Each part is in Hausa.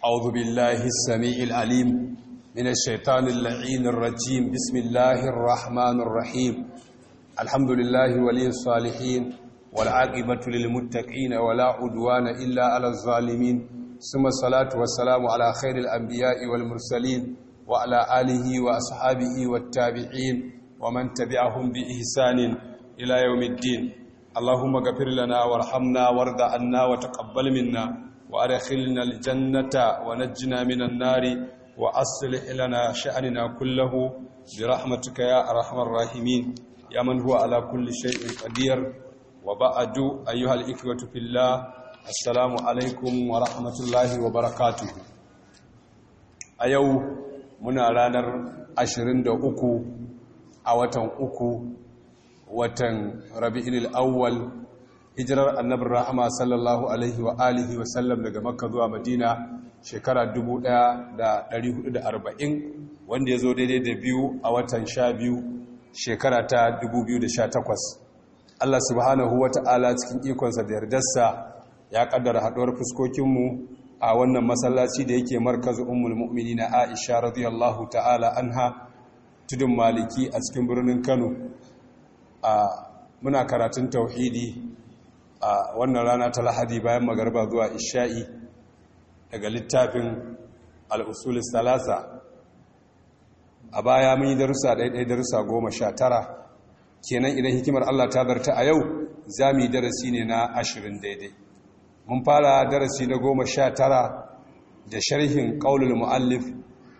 أعوذ بالله السميع العليم من الشيطان اللعين الرجيم بسم الله الرحمن الرحيم الحمد لله ولي الصالحين والعاقبة للمتقين ولا عدوان إلا على الظالمين ثم الصلاة والسلام على خير الأنبياء والمرسلين وعلى آله وأصحابه والتابعين ومن تبعهم بإحسان إلى يوم الدين اللهم اغفر لنا وارحمنا وارض عنا وتقبل منا وأدخلنا الجنة ونجنا من النار وأصلح لنا شأننا كله برحمتك يا أرحم الراحمين يا من هو على كل شيء قدير وبعد أيها الإخوة في الله السلام عليكم ورحمة الله وبركاته أيو منا رانر أشرين دا أكو أوتن أكو watan rabi'il awwal hijirar annabin rahama sallallahu alaihi wa alihi wa sallam daga makka zuwa madina shekara 1440 wanda ya zo daidai da biyu a watan sha biyu shekara ta 2018 Allah subhanahu wa ta'ala cikin ikonsa da yardarsa ya kaddara haɗuwar fuskokinmu a wannan masallaci da yake markazu ummul na Aisha radiyallahu ta'ala anha tudun maliki a cikin birnin Kano a muna karatun tauhidi a wannan rana ta lahadi bayan magarba zuwa isha'i daga littafin al'usulis talasa a baya mun yi darussa ɗaiɗai darussa goma sha tara kenan idan hikimar allah ta zarta a yau za mu yi darasi ne na ashirin daidai mun fara darasi na goma sha tara da sharhin ƙaunar mu'allif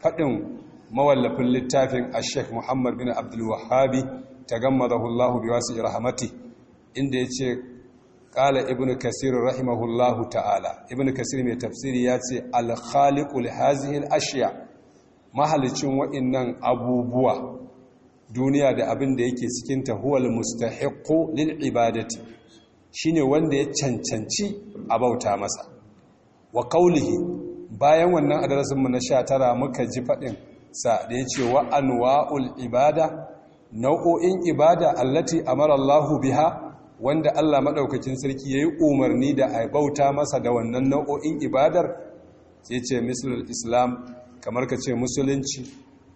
faɗin mawallafin littafin a ashek muhammad bin abdulwahabi ta gammada hullahu biyu wasu inda ya ce ƙala ibn kasir rahimahullahu ta'ala ibn kasir mai tafsiri ya ce alkhaliƙul hazihil ashiya mahalicin wa'innan abubuwa duniya da abin da yake ta huwal mustahiqqu lil ibadati shine wanda ya cancanci a bauta masa wa qawlihi bayan wannan adarasin mu na 19 muka ji fadin sa da yace wa anwa'ul ibada nau'o'in ibada allati amara Allahu biha wanda Allah maɗaukakin sarki ya yi umarni da a bauta masa da wannan nau'o'in ibadar sai ce misalin islam kamar ka ce musulunci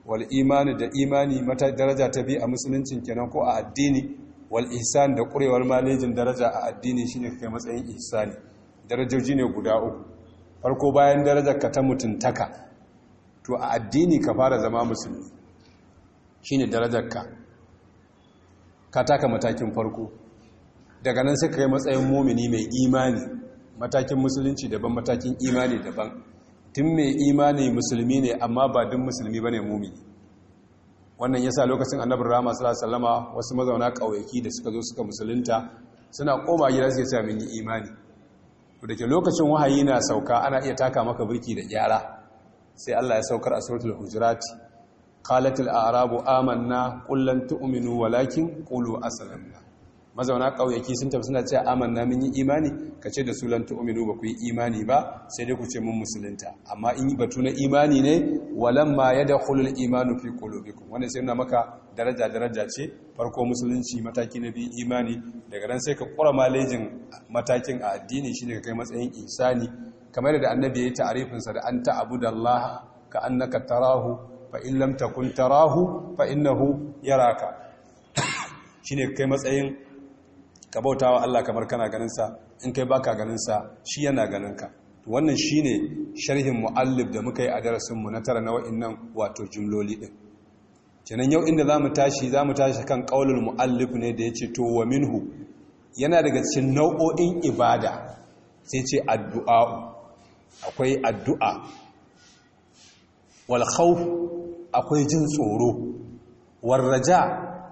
wal imani da imani mata daraja ta biyu a musuluncin kenan ko a addini wal ihsan da ƙurewar malejin daraja a addini shine kai matsayin ihsani darajoji ne guda uku farko bayan darajar ka ta mutuntaka to a addini ka fara zama musulmi ne darajar ka ka taka matakin farko daga nan suka kai matsayin mumini mai imani matakin musulunci daban matakin imani daban tun mai imani musulmi ne amma ba duk musulmi ba ne momini wannan yasa lokacin annabin rama sallallahu wasu mazauna kauyaki da suka zo suka musulunta suna koma gida su ce mun yi imani da ke lokacin wahayi na sauka ana iya taka maka birki da gyara sai Allah ya saukar a suratul hujurat qalatil a'rabu amanna qul lan tu'minu walakin qulu aslamna mazauna ƙauyaki sun tafi suna ce na mun yi imani ka ce da sulan lan tu'minu ba ku yi imani ba sai dai ku ce mun musulunta amma in yi batu na imani ne ya da al-imanu fi qulubikum wanda sai nuna maka daraja daraja ce farko musulunci mataki na biyu imani daga ran sai ka kura malejin matakin a addini shine ka kai matsayin insani kamar da annabi ya yi ta'arifinsa da an ta'budallaha ka annaka tarahu fa in lam takun tarahu fa innahu yaraka shine kai matsayin ka bauta wa Allah kamar kana ganinsa in kai baka ganinsa shi yana ganinka wannan shine sharhin muallif da muka yi a darasinmu na tara na wa'annan wato jumloli din kenan yau inda zamu tashi zamu tashi kan qaulul muallif ne da ya ce to wa minhu yana daga cikin nau'o'in ibada sai ce addu'a akwai addu'a wal khawf akwai jin tsoro warraja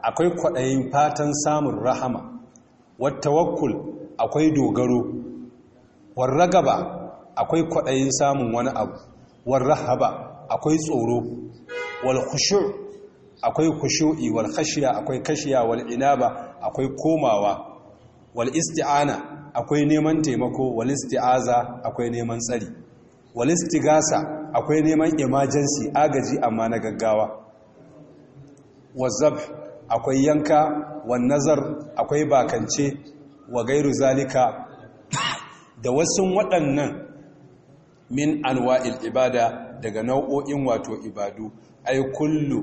akwai kwaɗayin fatan samun rahama wattawakkul akwai dogaro warragaba akwai kwaɗayin samun wani abu warrahaba akwai tsoro wal khushu' akwai khushu'i wal khashiya akwai kashiya wal inaba akwai komawa wal isti'ana akwai neman taimako wal isti'aza akwai neman tsari wal istigasa akwai neman imajensi, agaji amma na gaggawa wazzab akwai yanka wan nazar akwai bakance wa gairu zalika da wasu waɗannan min anwa'il ibada daga nau'o'in wato ibadu ai kullu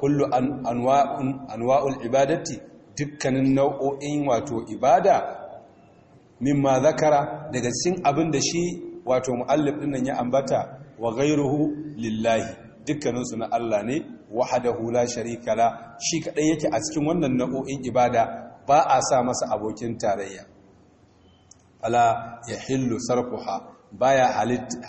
kullu anwa'un anwa'ul ibadati dukkanin nau'o'in wato ibada mimma zakara daga cikin abin da shi wato muallif din nan ya ambata wa gairuhu lillahi dukkaninsu na Allah ne wahadahu la sharika la shi kadai yake a cikin wannan nau'o'in ibada ba a sa masa abokin tarayya ya yahillu sarquha baya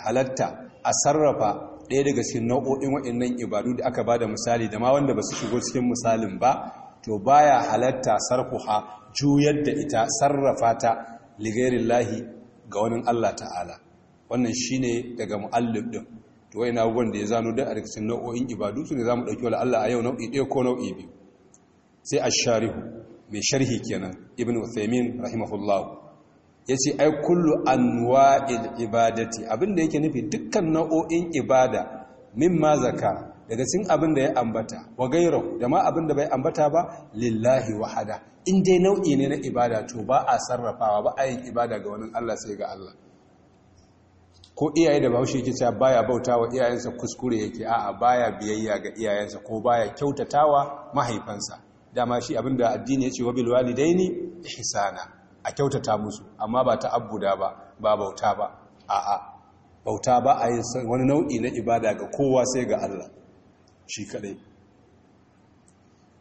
halatta a sarrafa ɗaya daga cikin nau'o'in waɗannan ibadu da aka bada misali da ma wanda ba su shigo cikin misalin ba to baya halatta sarfuha juyar da ita sarrafa ta ligairillahi ga wani Allah ta'ala wannan shine daga mu'allif ɗin to wai na abubuwan da ya zano don a rikicin nau'o'in ibadu su ne za mu ɗauki wa Allah a yau nau'i ɗaya ko nau'i biyu sai a sharihu mai sharhi kenan ibn uthaymin rahimahullah ya ce ai kullu anwa'il ibadati abinda yake nufi dukkan nau'o'in ibada min mazaka daga cikin abin da ya ambata wa gairahu da ma abin da bai ambata ba lillahi wahada in dai nau'i ne na ibada to ba a sarrafawa ba a yin ibada ga wani Allah sai ga Allah ko iyaye da bahaushe yake cewa baya bauta wa iyayensa kuskure yake a'a baya biyayya ga iyayensa ko baya kyautatawa mahaifansa dama shi abinda addini ya ce wa bil walidaini ihsana a kyautata musu amma ba ta abuda ba ba bauta ba a'a bauta ba a yi wani nau'i na ibada ga kowa sai ga Allah shi kadai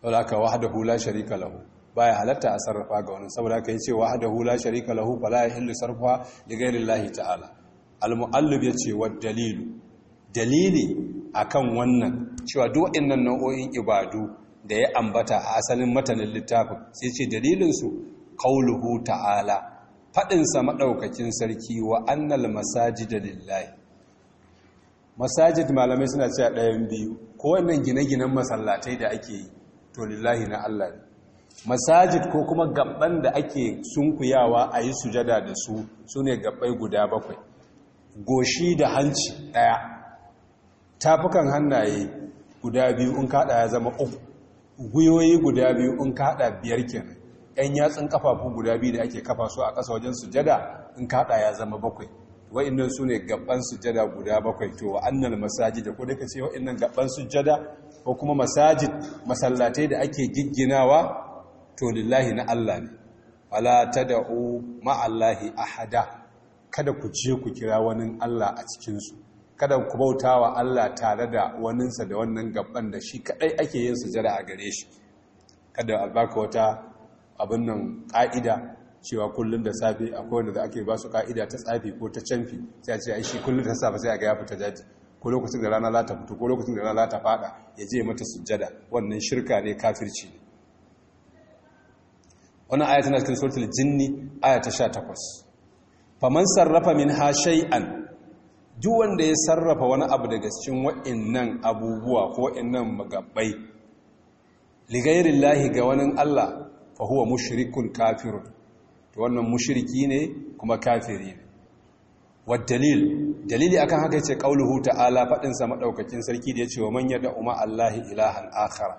walaka wahdahu la sharika lahu baya halatta a sarrafa ga wani saboda kai ce wahdahu la sharika lahu fala yahillu sarfa li ghairi ta'ala al-mu'allib yace wa dalilu dalili akan wannan cewa duk waɗannan nau'o'in ibadu da ya ambata a asalin matanin littafin sai ce dalilinsu kauluhu ta'ala faɗinsa maɗaukakin sarki wa annal masajid lillahi masajid malamai suna cewa ɗayan biyu ko wannan gine-ginen masallatai da ake yi to lillahi na Allah masajid ko kuma gabban da ake sunkuyawa a yi sujada da su su ne gabbai guda bakwai goshi da hanci ɗaya tafukan hannaye guda biyu in kaɗa ya zama uku guyoyi guda biyu in kaɗa biyar kenan ‘yan yatsun kafafu guda biyu da ake kafa su a ƙasa wajen sujada in kaɗa ya zama bakwai wa'innan su ne gaban sujada guda bakwai to wa'annan masajida ko da ka ce wa'annan gaban sujada ko kuma masajid masallatai da ake gigginawa to lillahi na Allah ne wala tad'u ma'allahi ahada kada ku je ku kira wani Allah a cikinsu kada ku bauta wa Allah tare da waninsa da wannan gaban da shi kadai ake yin sujada a gare shi kada baka wata abin nan ka'ida cewa kullum da safe akwai wanda ake ba su ka'ida ta tsafi ko ta canfi sai a ce ai shi kullum da safe sai a ga ya fita daji ko lokacin da rana za ta fito ko lokacin da rana za ta fada ya je mata sujada, wannan shirka ne kafirci ne wannan aya tana cikin suratul jinni aya ta 18 faman sarrafa min ha shay'an duk wanda ya sarrafa wani abu daga cikin wa'annan abubuwa ko wa'annan magabbai ligairin lahi ga wani Allah fa huwa mushrikun kafir to wannan mushriki ne kuma kafiri ne wa dalil dalili akan haka yace qauluhu ta'ala fadin sa madaukakin sarki da yace wa man yada umma Allahi ilahan akhar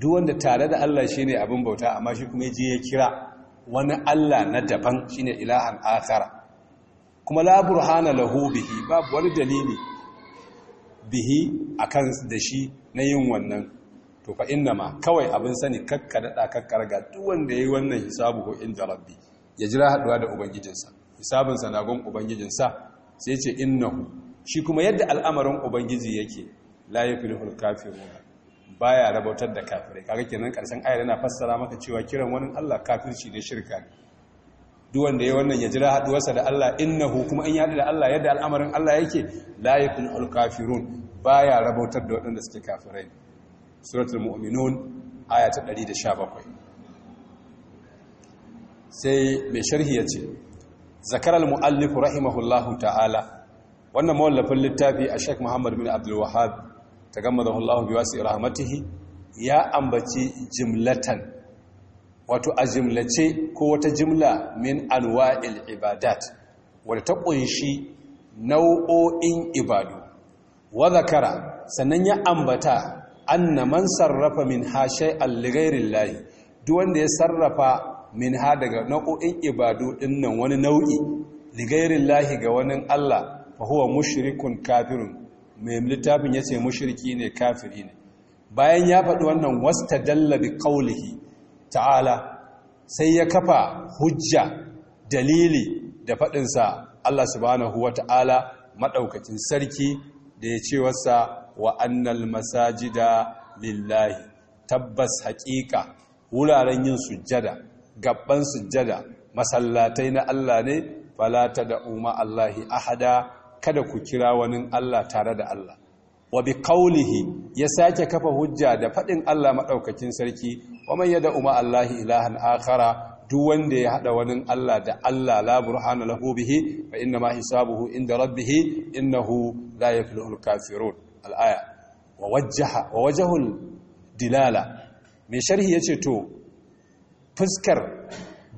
duk wanda tare da Allah shine abin bauta amma shi kuma je ya kira wani Allah na daban shine ilahan akhara kuma la burhana lahu bihi babu wani dalili bihi akan da shi na yin wannan to fa inna ma kawai abin sani kakka dada kakka ga duk wanda yayi wannan hisabu ko inda rabbi ya jira haɗuwa da ubangijinsa hisabinsa sa na gon ubangijinsa sai ce innahu shi kuma yadda al'amarin ubangiji yake la kafin kafirun baya rabautar da kafirai kaga kenan karshen ayar yana fassara maka cewa kiran wani Allah kafirci ne shirka ne duk wanda ya wannan ya jira haduwarsa da Allah innahu kuma in yadu da Allah yadda al'amarin Allah yake la yakun al kafirun baya rabautar da waɗanda suke kafirai suratul mu'minun aya ta 117 sai mai sharhi yace zakar al muallif rahimahullahu ta'ala wannan mawallafin littafi a Sheikh Muhammad bin Abdul Wahhab tagammadahu Allah biyu wasu rahmatihi ya ambaci jimlatan wato a jimlace ko wata jimla min alwa'il ibadat wadda ta ƙunshi nau'o'in ibadu wadda kara sannan ya ambata anna man sarrafa min ha alligairin layi duk wanda ya sarrafa min ha daga nau'o'in ibadu dinnan wani nau'i layi ga wani Allah fa huwa mushrikun kafirun mai littafin ya ce mushriki ne kafiri ne bayan ya faɗi wannan wasta dallabi ƙaulihi ta'ala sai ya kafa hujja dalili da faɗinsa Allah subhanahu wa ta'ala maɗaukacin sarki da ya ce wasa wa annal masajida lillahi tabbas haƙiƙa wuraren yin sujjada gabban sujjada masallatai na Allah ne falata da umma Allahi ahada kada ku kira wani Allah tare da Allah wa bi kaulihi ya sake kafa hujja da faɗin Allah madaukakin sarki wa man yad'u ma Allahi ilahan akhara duk wanda ya haɗa wani Allah da Allah la burhana Lahubihi bihi fa inna ma hisabuhu inda rabbih innahu la yuflihul kafirun al-aya wa wa wajhul dilala mai sharhi ce to fuskar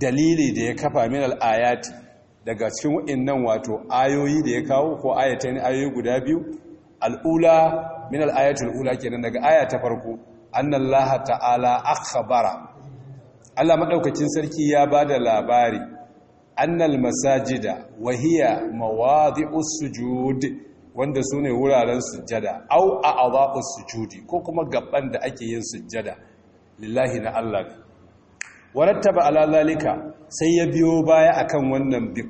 dalili da ya kafa min al-ayati daga cikin wa'innan wato ayoyi da ya kawo ko ayatan ayoyi guda biyu al'ula min al'ayatul ula kenan daga aya ta farko annallaha ta'ala akhbara Allah maɗaukacin sarki ya ba da labari annal masajida wa hiya mawadi'us sujud wanda sune wuraren sujjada au a'dha'us sujudi ko kuma gaban da ake yin sujjada lillahi na Allah ne warattaba ala zalika sai ya biyo baya akan wannan bi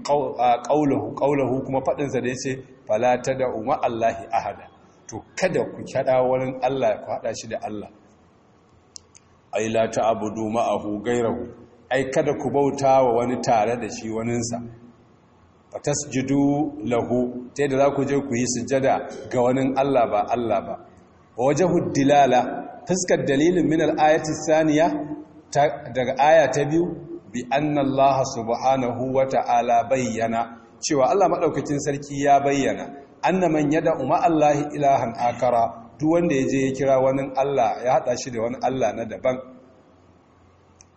qaulahu qaulahu kuma fadin sa da yace fala da umma allahi ahada to kada ku kada wurin Allah ku hada shi da Allah ay la ta'budu ma'ahu ghayrahu ai kada ku bauta wa wani tare da shi waninsa fa tasjudu lahu sai da za ku je ku yi sujada ga wani Allah ba Allah ba wajhu dilala fuskar dalilin min al-ayati daga aya ta biyu bi annallaha subhanahu wata'ala bayyana cewa Allah maɗaukacin sarki ya bayyana annaman yada umma Allah ilahan akara duk wanda ya je ya kira wani Allah ya hada shi da wani Allah na daban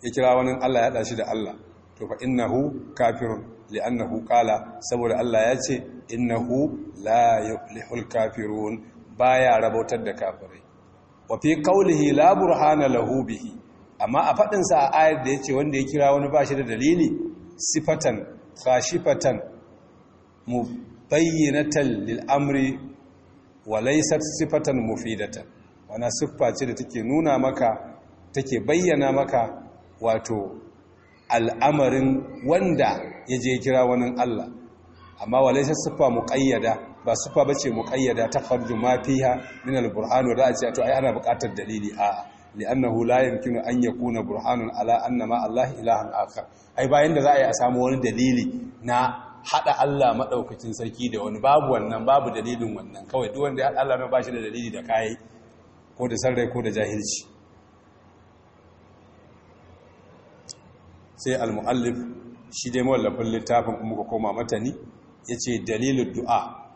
ya kira wani Allah ya hada shi da Allah to fa innahu kafirun li'annahu qala saboda Allah ya ce innahu la yuflihul kafirun baya rabautar da kafirai wa fi qawlihi la burhana lahu bihi amma a faɗinsa a ayar da ya ce wanda ya kira wani ba shi da dalili sifatan khashifatan mu bayyanatan lil'amri wa laisar sifatan mufidatan wana siffa ce da take nuna maka take bayyana maka wato al'amarin wanda ya je kira wani Allah amma wa laisar siffa ƙayyada, ba siffa ba ce ƙayyada, ta farju mafiha min al wa da a ce to ai ana buƙatar dalili a'a li'annahu la yumkinu an yakuna burhanun ala anna ma Allah ilahan akhar ai bayan da za a yi a samu wani dalili na hada Allah madaukakin sarki da wani babu wannan babu dalilin wannan kawai duk wanda ya hada Allah ba shi da dalili da kai ko da sarrai ko da jahilci sai al-muallif shi dai mawallafin littafin kuma ka koma matani yace dalilin du'a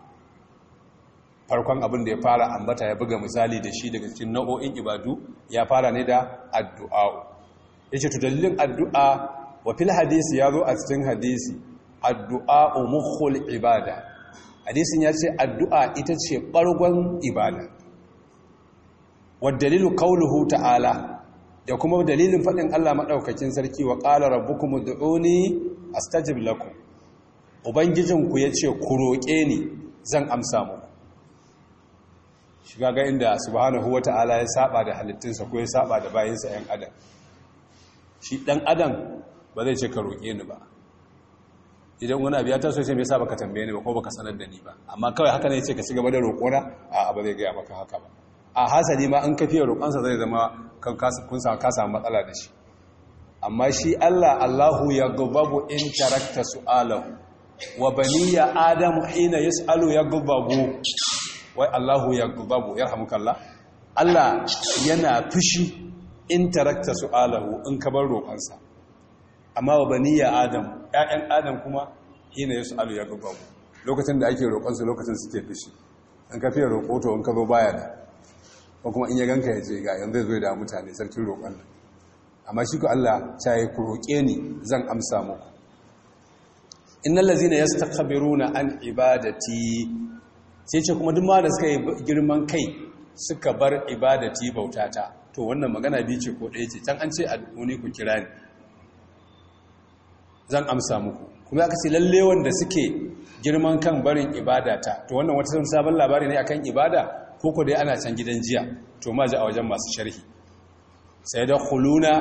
farkon abin da ya fara ambata ya buga misali da shi daga cikin nau'o'in ibadu ya fara ne da addu'a yace to dalilin addu'a wa fil hadisi ya zo a cikin hadisi addu'a mukhul ibada hadisin ya ce addu'a ita ce bargon ibada wa dalilu qawluhu ta'ala da kuma dalilin faɗin Allah Maɗaukacin sarki wa qala rabbukum ud'uni astajib lakum ubangijinku yace ku roƙe ni zan amsa mu shiga ga inda subhanahu wata'ala ya saba da halittinsa ko ya saba da bayansa yan adam shi ɗan adam ba zai ce ka roƙe ni ba idan wani abu ya taso ce me yasa baka tambaye ni ba ko ba ka sanar da ni ba amma kawai haka ne ce ka shiga da roƙona a ba zai gaya maka haka ba a hasali ma an kafiya roƙonsa zai zama kan kun ka samu matsala da shi amma shi Allah Allahu ya gubabu in tarakta su'alahu wa baniya adamu hina yas'alu ya gubabu wai Allahu ya gubabu ya kalla. Allah yana fushi in tarakta su'alahu in ka bar roƙonsa amma wa baniya adam ƴaƴan adam kuma yana hina yas'alu ya gubabu lokacin da ake roƙonsa lokacin suke fushi in ka fiye roƙo to in ka zo baya da ko kuma in ya ganka ya ce ga yanzu zai da mutane sarkin roƙon nan amma shi ku Allah ta yi ku roƙe ni zan amsa muku innal ladzina yastakbiruna an ibadati sai ce kuma duk da suka yi girman kai suka bar ibadati bautata to wannan magana biyu ce ko ɗaya ce can an ce wani ku kira ni zan amsa muku kuma aka ce lalle wanda suke girman kan barin ibadata to wannan wata sabon labari ne akan ibada ko ko dai ana can gidan jiya to ma ji a wajen masu sharhi sai da kuluna,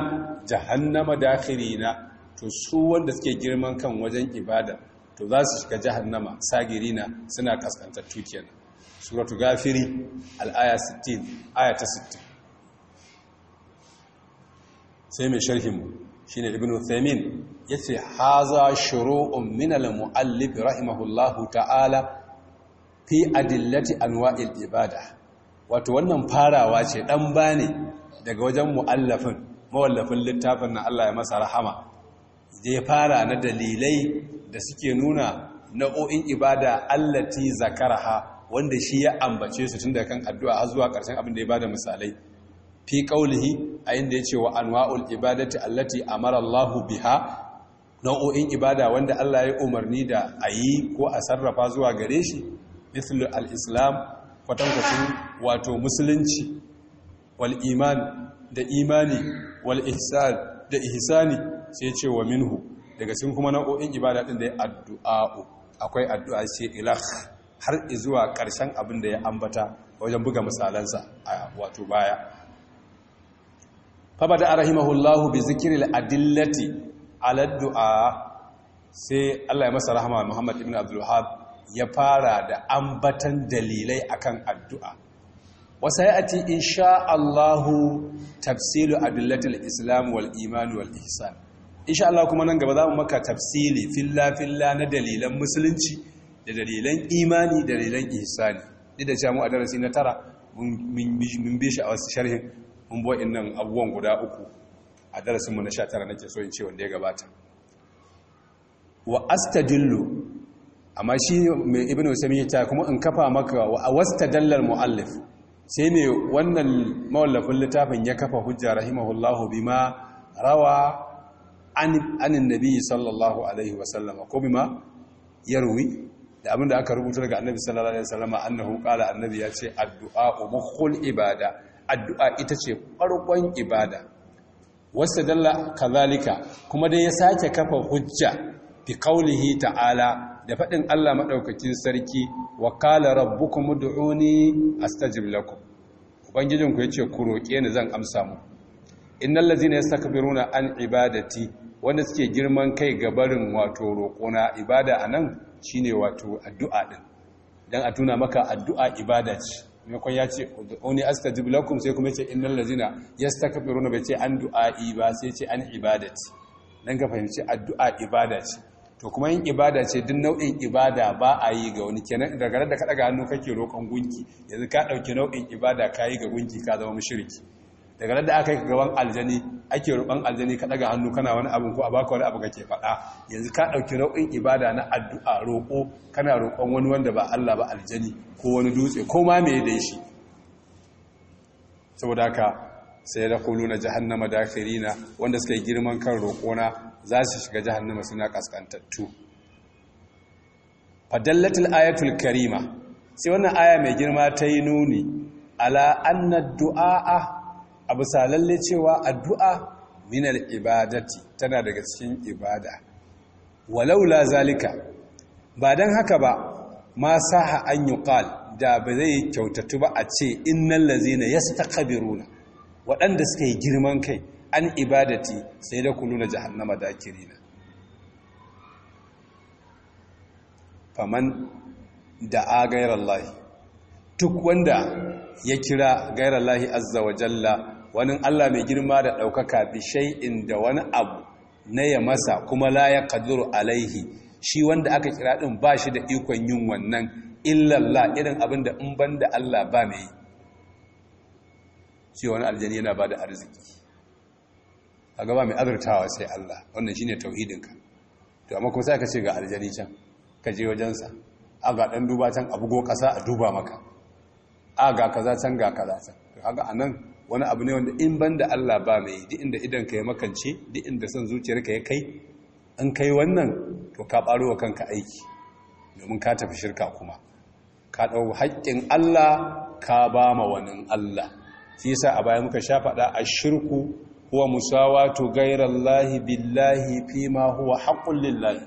jahannama dakhirina to su wanda suke girman kan wajen ibada to za su shiga jahannama sagirina suna kaskantar tukiyar suratu gafiri al'aya 16 aya ta 60 sai mai shi ne ibn ya yace haza shiru min al-mu'allif rahimahullahu ta'ala fi adillati anwa'il ibada wato wannan farawa ce dan ne daga wajen mu'allafin mawallafin littafin na Allah ya masa rahama zai fara na dalilai da suke nuna na'o'in ibada allati zakaraha wanda shi ya ambace su tun da kan addu'a har zuwa ƙarshen abin da ya bada misalai fi qaulihi a inda yace wa anwa'ul ibadati allati amara Allahu biha nau'o'in ibada wanda Allah ya umarni da a yi ko a sarrafa zuwa gare shi mithlu al-islam kwatankwacin wato musulunci wal da imani wal da ihsani sai ce wa minhu daga sun kuma nau'o'in ibada din da ya addu'a akwai addu'a ce ilah har zuwa ƙarshen abin da ya ambata wajen buga misalansa a wato baya Fa fabada arahimahullahu bi zikiri adillati ala du'a sai Allah ya masa rahama Muhammad ibn Abdul ya fara da ambatan dalilai akan addu'a wasa ya ati insha Allahu tafsilu adillatil islam wal iman wal ihsan insha Allah kuma nan gaba za mu maka tafsili filla filla na dalilan musulunci da dalilan imani da dalilan ihsani duk da jami'a mu a darasi na tara mun bi shi a wasu sharhin mun bo nan abubuwan guda uku a darasin mu na 19 nake so in ce wanda ya gabata wa astadillu amma shi mai ibn ya ta kuma in kafa maka wa wastadallal muallif sai ne wannan mawallafin littafin ya kafa hujja rahimahullahu bima rawa anin nabi sallallahu alaihi wasallama ko bima yarwi da abinda aka rubuta daga annabi sallallahu alaihi wasallama annahu qala annabi ya ce addu'a mukhul ibada addu'a ita ce farkon ibada wasa dalla kazalika kuma dai ya sake kafa hujja fi qaulihi ta'ala da fadin Allah madaukakin sarki wa qala rabbukum ud'uni astajib lakum ubangijinku yace ku roke ni zan amsa muku innal ladzina yastakbiruna an ibadati wanda suke girman kai ga barin wato roƙona ibada anan shine wato addu'a din Don a tuna maka addu'a ibada ce maimakon ya ce oni astajib jubilakum sai kuma ce ya saka biruna bai ce an du'a'i ba sai ce an ibadati don ka fahimci addu'a ibada ce to kuma yin ibada ce duk nau'in ibada ba a yi ga wani kenan daga da ka ga hannu kake roƙon gunki yanzu ka ɗauki nau'in ibada ka yi ga gunki ka zama mashirki daga da aka yi gaban aljani ake roƙon aljani ka daga hannu kana wani abin ko a baka wani abu kake faɗa yanzu ka ɗauki nau'in ibada na addu'a roƙo kana roƙon wani wanda ba Allah ba aljani ko wani dutse ko ma me dai shi saboda ka sai da kuluna jahannama firina wanda suka yi girman kan roƙona za su shiga jahannama suna kaskantattu fadallatul ayatul karima sai wannan aya mai girma ta yi nuni ala anna du'a'a a bisa cewa addu'a minar ibadati tana daga cikin ibada walaula zalika ba don haka ba ma saha an yi da ba zai kyautatu ba a ce innan lazina ya na. waɗanda suka yi girman kai an ibadati sai da kuluna jahannama da kirina faman da a gairar duk wanda ya kira gairar lahi azza wa jalla wani Allah mai girma da ɗaukaka bishai da wani abu na ya masa kuma la ya kaduru alaihi shi wanda aka kira ɗin ba shi da ikon yin wannan illallah irin abin da in ban da Allah ba mai shi wani aljani yana ba da arziki a gaba mai azurtawa sai Allah wannan shi ne tauhidinka to amma kuma sai ka ce ga aljani can ka je wajensa a ga ɗan duba can go ƙasa a duba maka a ga kaza can ga kaza can to haka a nan wani abu ne wanda in ban da Allah ba mai di inda idan ka ya makance di inda son zuciyarka ya kai an kai wannan to ka ɓaro wa kanka aiki domin ka tafi shirka kuma ka ɗau haƙƙin Allah ka ba ma wani Allah shi sa a baya muka sha faɗa a shirku huwa gairar ghairallahi billahi fima huwa haƙƙun lillahi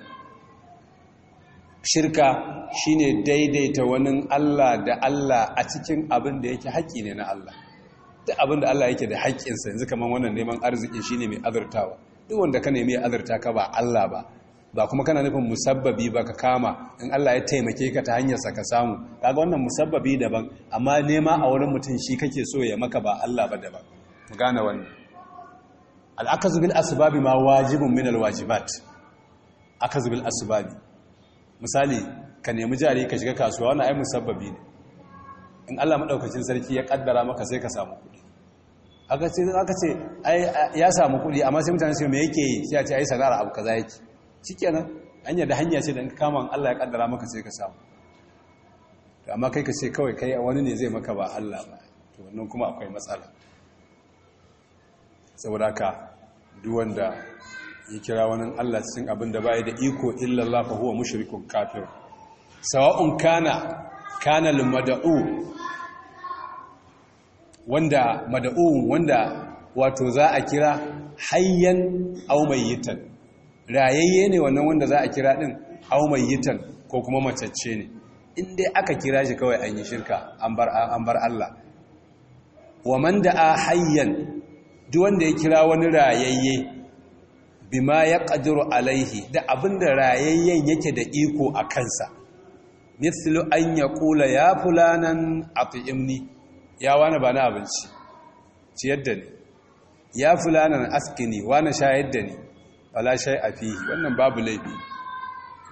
shirka shine daidaita wani Allah da Allah a cikin abin da yake haƙƙi ne na Allah duk abin da Allah yake da haƙƙinsa yanzu kamar wannan neman arziki shine mai azurtawa duk wanda ka nemi azurta ka ba Allah ba ba kuma kana nufin musabbabi ba ka kama in Allah ya taimake ka ta hanyarsa ka samu kaga wannan musabbabi daban amma nema a wurin mutum shi kake so ya maka ba Allah ba daban mu gane wannan al'akazu bil asbabi ma wajibun min al wajibat akazu bil asbabi misali ka nemi jari ka shiga kasuwa wannan ai musabbabi ne in Allah maɗaukacin sarki ya ƙaddara maka sai ka samu kuɗi aka ce aka ce ya samu kuɗi amma sai mutane su me yake yi sai a ce ai sana'ar abu kaza yake nan hanyar da hanya ce da in kama Allah ya ƙaddara maka sai ka samu to amma kai ka ce kawai kai wani ne zai maka ba Allah ba to wannan kuma akwai matsala saboda ka duk wanda ya kira wani Allah cikin abin da bai da iko illallah fa huwa mushrikun kafir sawa'un kana kanal mada'u wanda mada'u wanda wato za a kira hayyan au rayayye ne wannan wanda za a kira din au ko kuma matacce ne in dai aka kira shi kawai an yi shirka an bar Allah wa man da'a hayyan duk wanda ya kira wani rayayye bima ya ƙadiru alaihi da abinda rayayyen yake da iko a kansa mislu an ya kula ya fulanan fi'imni ya wane ba na abinci ci yadda ne ya fulanan askini wani sha yadda ne. wala a afihi wannan babu laifi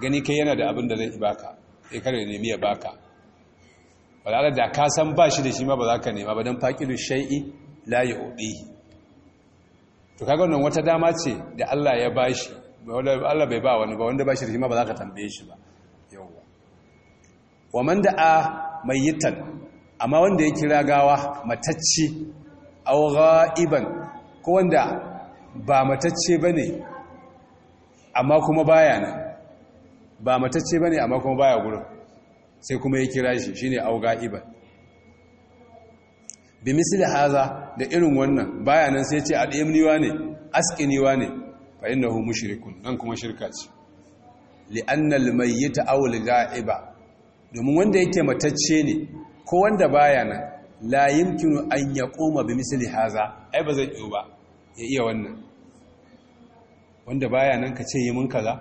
gani kai yana da abin da zai baka sai kare nemi ya baka wala da ka san ba shi da shi ma ba za ka nema ba don fakilu shai'i la o'bi. oɗihi to kaga wannan wata dama ce da Allah ya ba shi Allah bai ba wani ba wanda ba shi da shi ma ba za ka tambaye shi ba wa man da'a mayitan amma wanda ya kira gawa matacce aw ghaiban ko wanda ba matacce ne amma kuma baya nan ba matacce ne, amma kuma baya gurin sai kuma ya kira shi shi ne aw iban. bi misli haza da irin wannan baya nan sai ce niwa ne niwa ne fa hu mushirikun nan kuma shirka ce li'annal mai yi ta'awul ga'iba domin wanda yake matacce ne ko wanda baya nan layin yumkinu an koma bi misali haza ai ba zai iyo ba ya iya wannan wanda baya nan ka ce yi mun kaza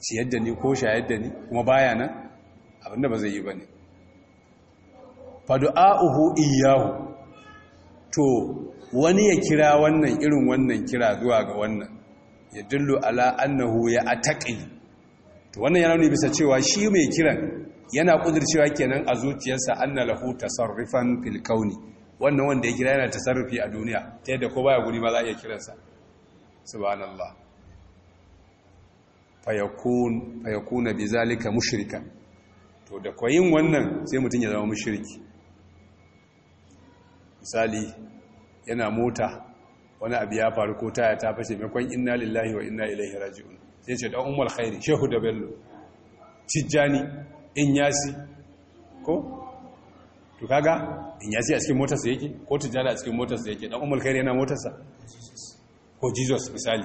ciyar da ni ko shayar da ni kuma baya nan abinda ba zai yi ba ne fadu'a'uhu iyahu. to wani ya kira wannan irin wannan kira zuwa ga wannan ya dillu ala annahu ya ataqi to wannan yana nuni bisa cewa shi mai kiran yana kudircewa kenan a zuciyarsa anna lahu tasarrufan fil kauni wannan wanda ya kira yana tasarrufi a duniya ta yadda ko baya guri ba za a iya kiransa subhanallah fayakun fayakuna zalika mushrika to da koyin wannan sai mutum ya zama mushriki misali yana mota wani abu ya faru ko taya ta fashe maimakon inna lillahi wa inna ilaihi raji'un sai ce dan umar khairi shehu da bello tijjani in yasi ko to kaga in yasi a cikin motarsa yake ko tijjani a cikin motarsa yake dan umar khairi yana motarsa ko jesus misali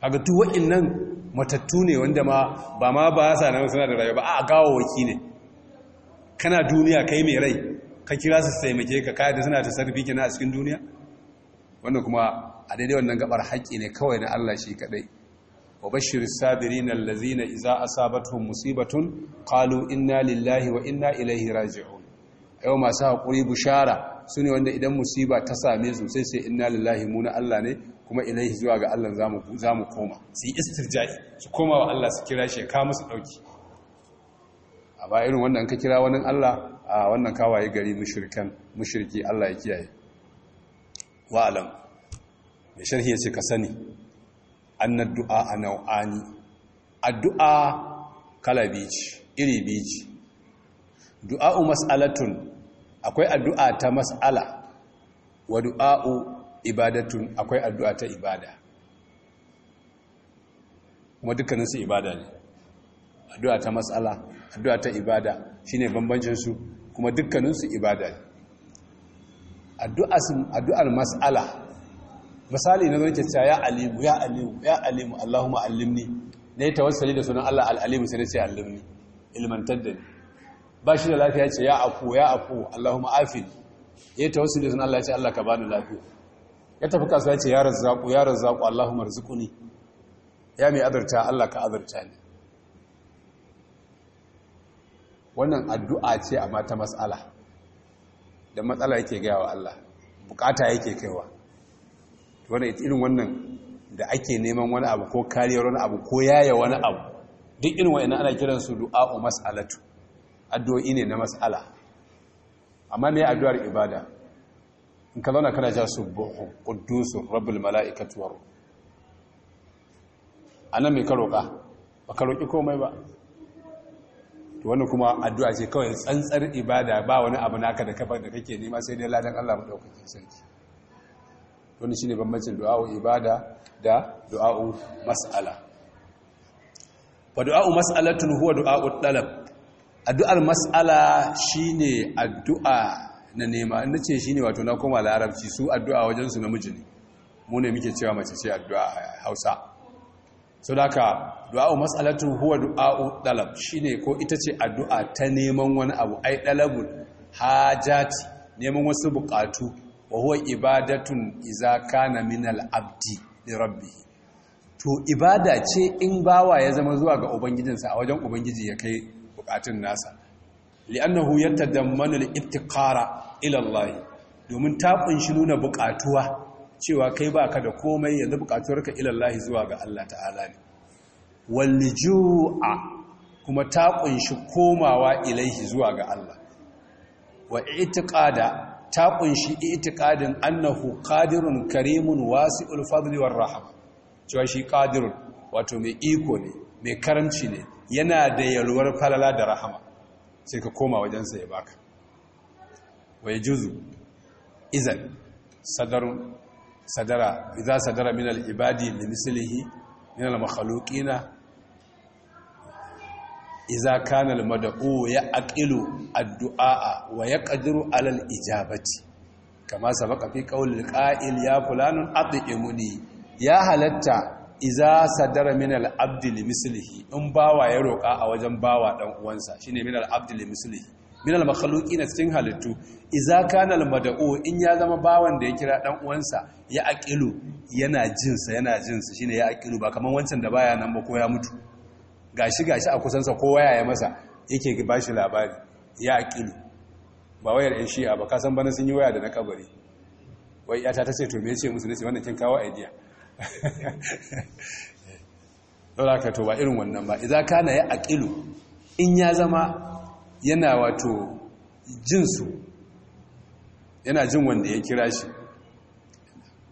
kaga duk wa'annan matattu ne wanda ma ba ma ba sa nan suna da rayuwa ba a waki ne kana duniya kai mai rai ka kira su taimake ka kai da suna ta sarfi kina a cikin duniya wannan kuma a daidai wannan gabar haƙƙi ne kawai na Allah shi kadai wa bashir sabirin allazina idza asabatuhum musibatun qalu inna lillahi wa inna ilaihi raji'un yau masu hakuri bushara sune wanda idan musiba ta same su sai sai inna lillahi mu na Allah ne kuma ilaihi zuwa ga Allah zamu zamu koma su yi istirja'i su koma wa Allah su kira shi ka musu dauki a ba irin wannan ka kira wani Allah a wannan kawaye gari mushrikan mushriki Allah ya kiyaye wa'alam mai sharhi ya ce ka sani na du'a a nau'ani du'a kala bici iri bici du'a'u mas'alatun akwai addu'a ta mas'ala wa du'a'u ibadatun akwai addu'a ta ibada kuma dukkaninsu ibada ne addu'a ta mas'ala addu'a ta ibada shine bambancin su kuma dukkaninsu ibada ne addu'ar mas'ala misali na zai cewa ya alimu ya alimu ya alimu Allahumma allimni da ya tawassali da sunan Allah al'al'imu sai da ce allimni ilmantar da ni ba shi da lafiya ce ya afu ya afu Allahumma afini ya tawassali da sunan Allah ya ce Allah ka bani lafiya ya tafi kasuwa ce ya razzaku ya Allahuma Allahumma arzuqni ya mai azurta Allah ka azurta ni wannan addu'a ce amma ta matsala da matsala yake gaya wa Allah bukata yake kaiwa ita irin wannan da ake neman wani abu ko kariyar wani abu ko yaya wani abu duk irin wa'ina ana kiransu du'a'u mas'alatu addu'o'i ne na mas'ala amma ne addu'ar ibada in ka zauna kana ja subbuhu quddusu rabbul mala'ikati war anan me ka roƙa ba ka roƙi komai ba to wannan kuma addu'a ce kawai tsantsar ibada ba wani abu naka da kafa da kake nema sai dai ladan Allah madaukakin sarki wani shine bambancin du'a'u ibada da du'a'u mas'ala fa du'a'u mas'alatun huwa du'a'u talab addu'ar mas'ala shine addu'a na nema inda ce shine wato na koma larabci su addu'a wajen su namiji ne mu ne muke cewa mace ce addu'a a Hausa so daka du'a'u mas'alatun huwa du'a'u talab shine ko ita ce addu'a ta neman wani abu ai dalabul hajati neman wasu bukatu wa huwa ibadatun iza kana min al-abdi li rabbih to ibada ce in bawa ya zama zuwa ga ubangijinsa a wajen ubangiji ya kai bukatun nasa li'annahu yatadammanu al-iftiqara ila Allah domin ta kunshi nuna bukatuwa cewa kai baka da komai yanzu bukatuwarka ila Allah zuwa ga Allah ta'ala ne wal ju'a kuma ta kunshi komawa ilaihi zuwa ga Allah wa itiqada ta kunshi itikadin annahu qadirun karimun wasi'ul fadli war rahama cewa shi qadirun wato mai iko ne mai karamci ne yana da yalwar falala da rahama sai ka koma wajensa ya baka wai juzu izan sadarun sadara idza sadara min al ibadi li mislihi min al makhluqina iza kanal al-mad'u ya aqilu addu'a wa yaqdiru 'ala al-ijabati kama sabaka fi qawli al-qa'il ya fulanun at'imuni ya halatta iza sadara min al-abdi li in bawa ya roka a wajen bawa dan uwansa shine min al-abdi li mislihi min al makhluqin cikin halittu iza kanal in ya zama bawan da ya kira dan uwansa ya aqilu yana jinsa yana jinsa shine ya aqilu ba kaman wancan da baya nan ba ko ya mutu gashi gashi a kusansa ko waya ya masa yake ba shi labari ya aƙilu. ba wayar yan shi'a ba kasan bana sun yi waya da na kabari wai ya ta ce to me ce musu ne wannan kin kawo idea dole ka to ba irin wannan ba idan kana ya aƙilu? in ya zama yana wato jinsu yana jin wanda ya kira shi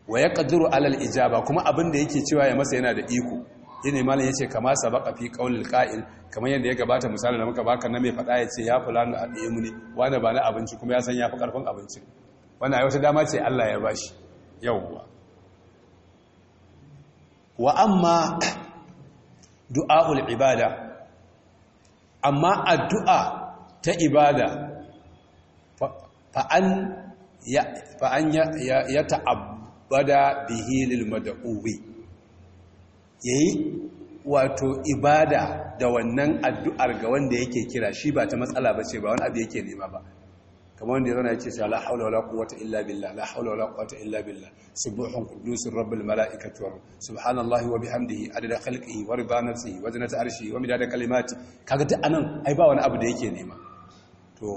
wa ya ƙadiru alal ijaba kuma abin da yake cewa ya masa yana da iko shine malam yace kama sabaqa fi qaulil qa'il kamar yadda ya gabata misali da muka baka na mai fada yace ya fulanu a ɗaya muni wanda ba na abinci kuma ya san ya fi karfin abinci wannan ai wata dama ce Allah ya bashi yawwa wa amma du'aul ibada amma addu'a ta ibada fa'an ya ta'abbada bihi lil ya yi wato ibada da wannan addu'ar ga wanda yake kira shi ba ta matsala ba ce ba wani abu yake nema ba kamar wanda ya zana yake cewa la haula wala quwwata illa billah la haula wala quwwata illa billah subhun qudusur rabbil malaikati wa subhanallahi wa bihamdihi adada khalqihi wa na nafsihi wa ta arshi wa midada kalimati kaga duk anan ai ba wani abu da yake nema to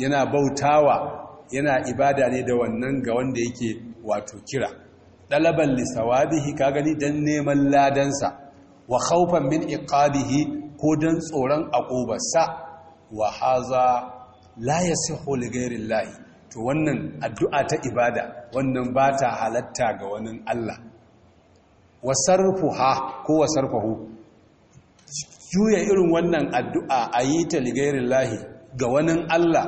yana bautawa yana ibada ne da wannan ga wanda yake wato kira ɗalaban lissawabihi ka gani don neman ladansa wa haufan min iqabihi ko don tsoron aƙobarsa wa haza la ya siho holigairin layi to wannan addu'a ta ibada wannan ba ta halatta ga wani Allah Wa ha ko wa wasarfahu juya irin wannan addu'a a yi ta ligairin lahi ga wani Allah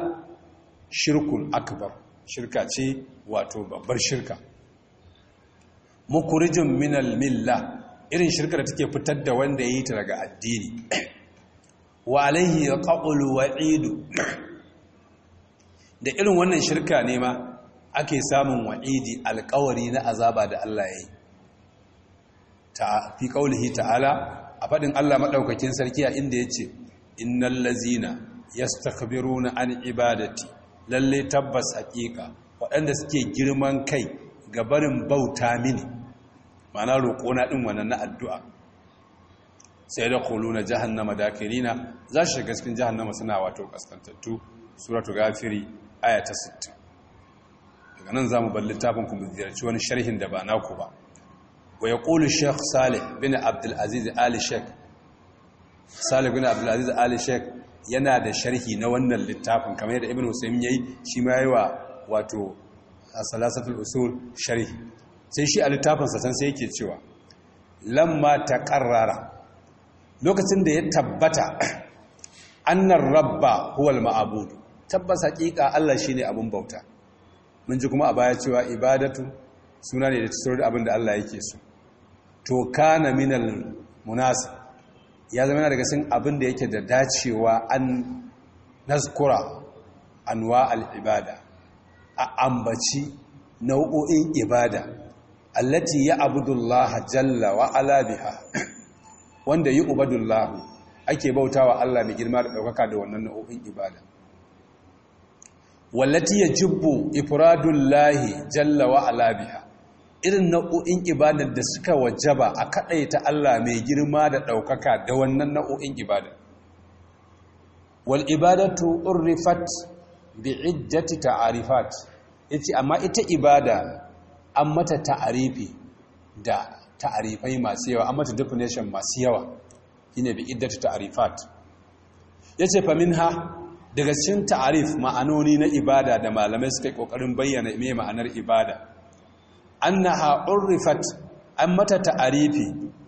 shirkun akbar shirka ce wato babbar shirka mukurijin minal milla irin shirkar da take fitar da wanda ya yi ta daga addini wa alaihi wa wa'idu da irin wannan shirka ne ma ake samun wa'idi alkawari na azaba da Allah ya yi Ta fi ƙaulihi ta'ala a faɗin Allah maɗaukakin sarki a inda ya ce innal lazina yastakbiruna an ibadati lalle tabbas haƙiƙa waɗanda suke girman kai ga bauta mini ma'ana na ɗin wannan na addu'a sai da kolo na jahannama dakirina za su shiga cikin jahannama suna wato kaskantattu suratu gafiri aya ta 60 daga nan za mu bar littafin ku mu ziyarci wani sharhin da ba ku ba wa ya ƙoli sheikh salih bin abdulaziz ali sheikh salih bin abdulaziz ali sheikh yana da sharhi na wannan littafin kamar yadda ibn hussein ya yi shi ma yi wa wato a salasatul usul sharhi sai shi a littafin sa sai yake cewa lamma ta ƙarrara. lokacin da ya tabbata annar rabba huwal ma'abudu, tabbas hakika Allah shi ne abin bauta mun ji kuma a baya cewa ibadatu suna ne da tsoron abin da Allah yake so to kana minal munasa ya zama daga sun abin da yake da dacewa an nazkura anwa al ibada a ambaci nau'o'in ibada allati ya abudullah jalla wa ala biha wanda yi Ubadullahu, ake bautawa Allah mai girma da daukaka da wannan nau'o'in ibada wallati Jubbu ifradullah jalla wa ala biha irin nau'o'in ibadar da suka wajaba a kaɗaita Allah mai girma da ɗaukaka da wannan nau'o'in ibada wal ibadatu urrifat bi iddati ta'arifat yace amma ita ibada an mata ta'arifi da ta'arifai masu yawa an mata definition masu yawa shine bi iddati ta'arifat yace fa minha daga cikin ta'arif ma'anoni na ibada da malamai suka kokarin bayyana me ma'anar ibada annaha urrifat an mata ta'arifi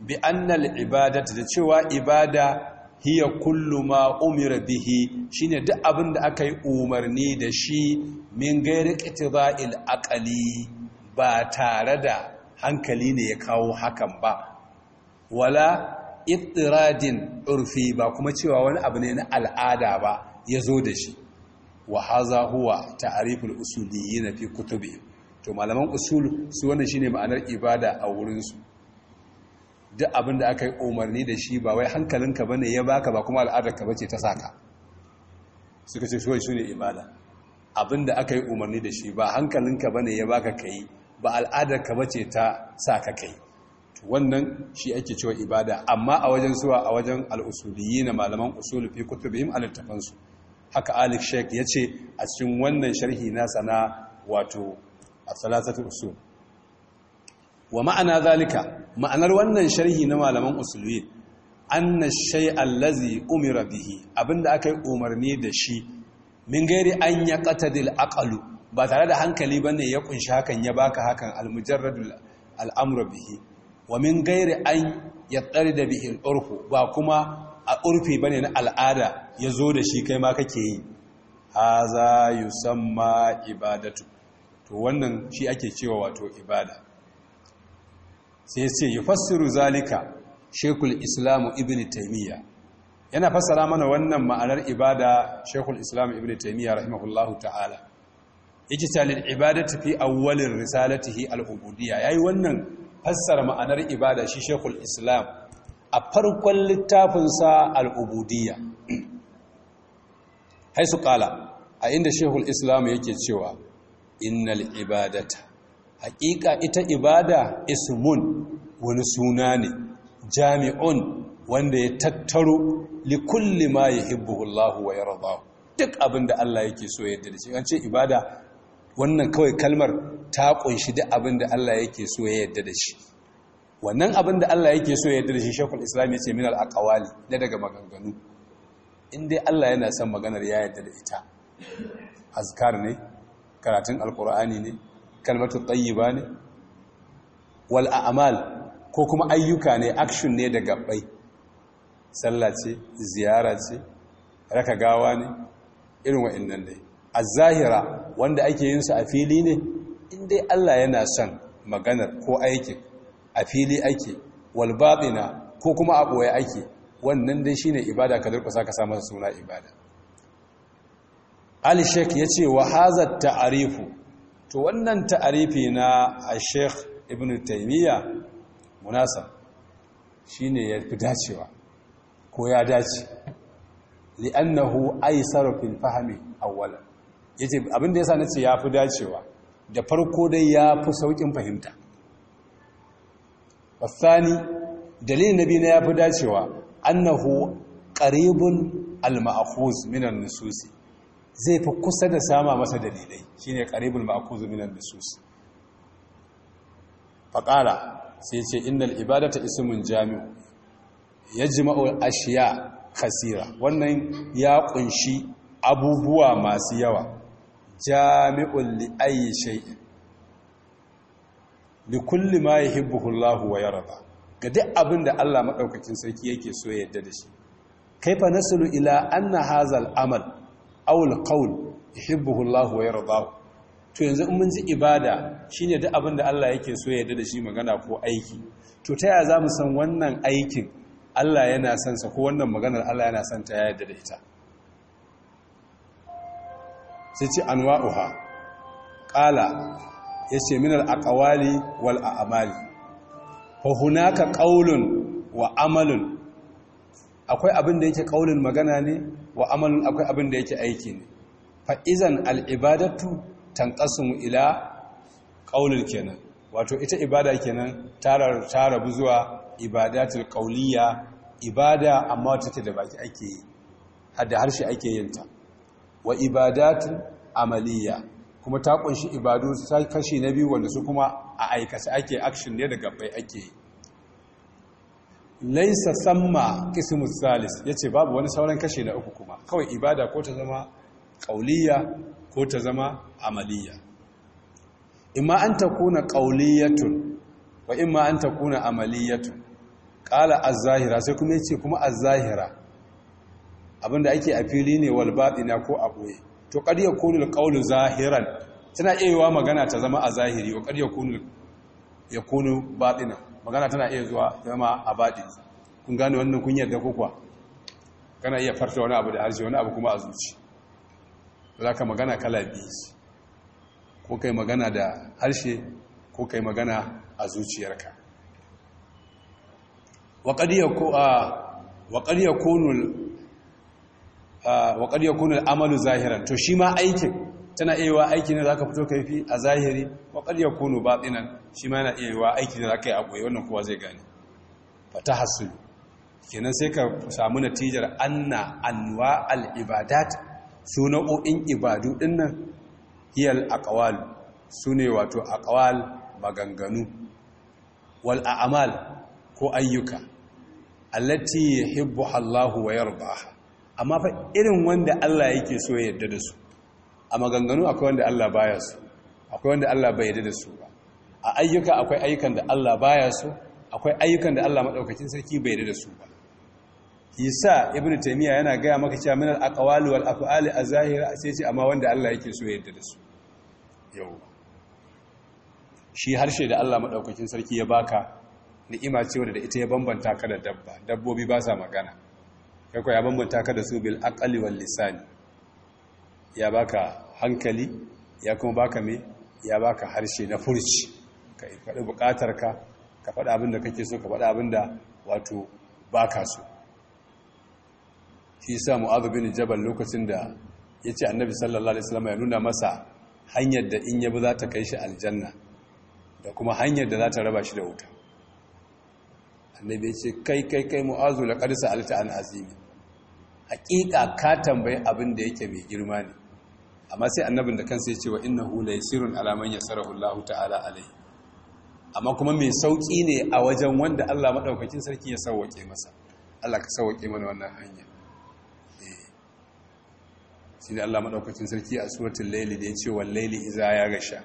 bi annal ibadatu da cewa ibada hiya kullu ma umira bihi shine duk abin da aka yi umarni da shi min gairi ittiba'il aqali ba tare da hankali ne ya kawo hakan ba wala iftiradin urfi ba kuma cewa wani abu ne na al'ada ba ya zo da shi wa haza huwa ta'riful usuliyyin fi kutubi to malaman usul su wannan shine ma'anar ibada a wurin su duk abin da aka yi umarni da shi ba wai hankalinka ba ne ya baka ba kuma al'adarka ba ce ta saka suka ce shi shi ne ibada abin da aka yi umarni da shi ba hankalinka ba ne ya baka ka yi ba al'adarka ba ce ta saka ka yi wannan shi ake cewa ibada amma a wajen suwa a wajen al'usuliyi na malaman usulu fi kutubihim a haka alif sheik ya ce a cikin wannan sharhi nasa na wato a salatatu usul wa ma'ana zalika ma'anar wannan sharhi na malaman usuluyin anna shay'a allazi umira bihi abinda aka yi umarni da shi min gairi an ya qatadil aqalu ba tare da hankali bane ya kunshi hakan ya baka hakan almujarradul al'amru bihi wa min gairi an da bihi al'urfu ba kuma a urfi bane na al'ada ya zo da shi kai ma kake yi haza yusamma ibadatu to wannan shi ake cewa wato ibada sai ya ce zalika shekul islamu ibn taimiyya yana fassara mana wannan ma'anar ibada shekul islamu ibn taimiyya rahimahullahu ta'ala yake talil ibadatu fi awwalin risalatihi al-ubudiyya yi wannan fassara ma'anar ibada shi shekul islam a farkon littafinsa al'ubudiyya ubudiyya haisu kala a inda shekul islam yake cewa innal ibadata hakika ita ibada ismun wani suna ne jami'un wanda ya tattaro likulli ma yuhibbuhu Allah wa ya yardahu duk abin da Allah yake so ya yarda da shi an ibada wannan kawai kalmar ta kunshi duk abin da Allah yake so ya yarda da shi wannan abin da Allah yake so ya yarda da shi shekul islam ya ce minar a aqwali da daga maganganu in dai Allah yana son maganar ya yarda da ita azkar ne karatun alqur'ani ne kalmatu tayyiba ne wal a'mal ko kuma ayyuka ne action ne da gabbai sallah ce ziyara ce raka gawa ne irin wa'annan dai az-zahira wanda ake yin su a fili ne in dai Allah yana son maganar ko aiki a fili ake wal batina ko kuma a boye ake wannan dai shine ibada ka durƙusa ka samun suna ibada al-shaykh yace wa hadha ta'arifu to wannan ta'arifi na a sheikh ibn taimiyya munasa shi ne ya fi dacewa ko ya dace li'annahu aisaru fil fahmi awwalan yace abinda yasa nace ya fi dacewa da farko dai ya fi saukin fahimta wasani dalilin nabi na ya fi dacewa annahu qaribun al-ma'khuz min an-nususi zai fi kusa da sama masa dalilai shine qaribul ma'khuz min an-nusus Faƙara sai ce innal ibadata ismun jami'u yajma'u ashiya khasira wannan ya ƙunshi abubuwa masu yawa jami'un li ayi shay'in kulli ma wa yarda ga duk abin da Allah maɗaukacin sarki yake so ya yarda da shi kaifa nasulu ila anna hazal amal awul kawul yuhibbuhu Allah wa yardahu to yanzu in mun ji ibada shine duk abin da Allah yake so ya dada shi magana ko aiki to ta yaya mu san wannan aikin Allah yana son sa ko wannan maganar Allah yana son ta yaya da ita sai ce anwa'uha qala yace min al-aqwali wal a'mali fa hunaka qawlun wa amalun akwai abin da yake kaulin magana ne wa amalin akwai abin da yake aiki ne fa izan al'ibadatu tanqasimu ila qaulil kenan wato ita ibada kenan tarar tarabu zuwa ibadatul qauliyya ibada amma take da baki ake yi hadda harshe ake yin ta wa ibadatul amaliyya kuma ta kunshi ibadu sai kashi na biyu wanda su kuma a aikace ake action ne da gabbai ake yi laisa samma qismus salis yace babu wani sauran kashe na uku kuma kawai ibada ko ta zama qauliyya ko ta zama amaliyya imma an takuna qauliyatun wa imma an takuna amaliyatun qala az-zahira sai kuma yace kuma az-zahira abinda ake a fili ne wal batina ko a boye to qad yakunu al-qawlu zahiran tana iya yiwa magana ta zama a zahiri wa qad yakunu ya kunu baɗina magana tana iya zuwa zama a baɗini kun gane wannan kun yadda kuwa kana iya farta wani abu da harshe wani abu kuma a zuci za ka magana kala biyu ko kai magana da harshe ko kai magana a zuciyarka waƙar ya kunu al'amalu zahiran to shi ma aikin tana iya yiwa aiki ne za ka fito kaifi a zahiri wa ƙarya kunu ba shi ma yana iya wa aiki ne za ka yi abuwa wannan kuwa zai gane fata hasulu kenan sai ka samu natijar anna anwa al'ibadat su nau'o'in ibadu ɗinnan hiyar hiyal su ne wato Akawal maganganu wal A'amal ko ayyuka allati yuhibbu Allahu wa yarda amma fa irin wanda Allah yake so ya yarda da su a maganganu akwai wanda Allah baya su akwai wanda Allah bai yarda da su ba a ayyuka akwai ayyukan da Allah baya su akwai ayyukan da Allah madaukakin sarki bai yarda da su ba isa ibn taymiya yana gaya maka cewa min al aqwal wal af'ali al zahira sai ce amma wanda Allah yake so yarda da su yau shi harshe da Allah madaukakin sarki ya baka ni'ima ce wadda ita ya bambanta ka da dabba dabbobi ba sa magana kai ya bambanta ka da su bil aqli wal lisani ya baka hankali ya kuma baka me ya baka harshe na furci ka faɗi buƙatar ka ka faɗi abin da kake so ka faɗi abin da wato baka so shi sa mu'adhu bin jabal lokacin da yace annabi sallallahu alaihi wasallam ya nuna masa hanyar da in yabi za ta kai shi aljanna da kuma hanyar da za ta raba shi da wuta annabi ya ce kai kai kai mu'azu da qad sa'alta an azimi haƙiƙa ka tambayi abin da yake mai girma ne amma sai annabin da kansa ya ce wa innahu laysirun ala man yasarahu Allah ta'ala alai amma kuma mai sauƙi ne a wajen wanda Allah maɗaukakin sarki ya sauwaƙe masa Allah ka sauwaƙe mana wannan hanya eh. shi ne Allah maɗaukakin sarki a suratun laili da ya ce wa laili iza ya gasha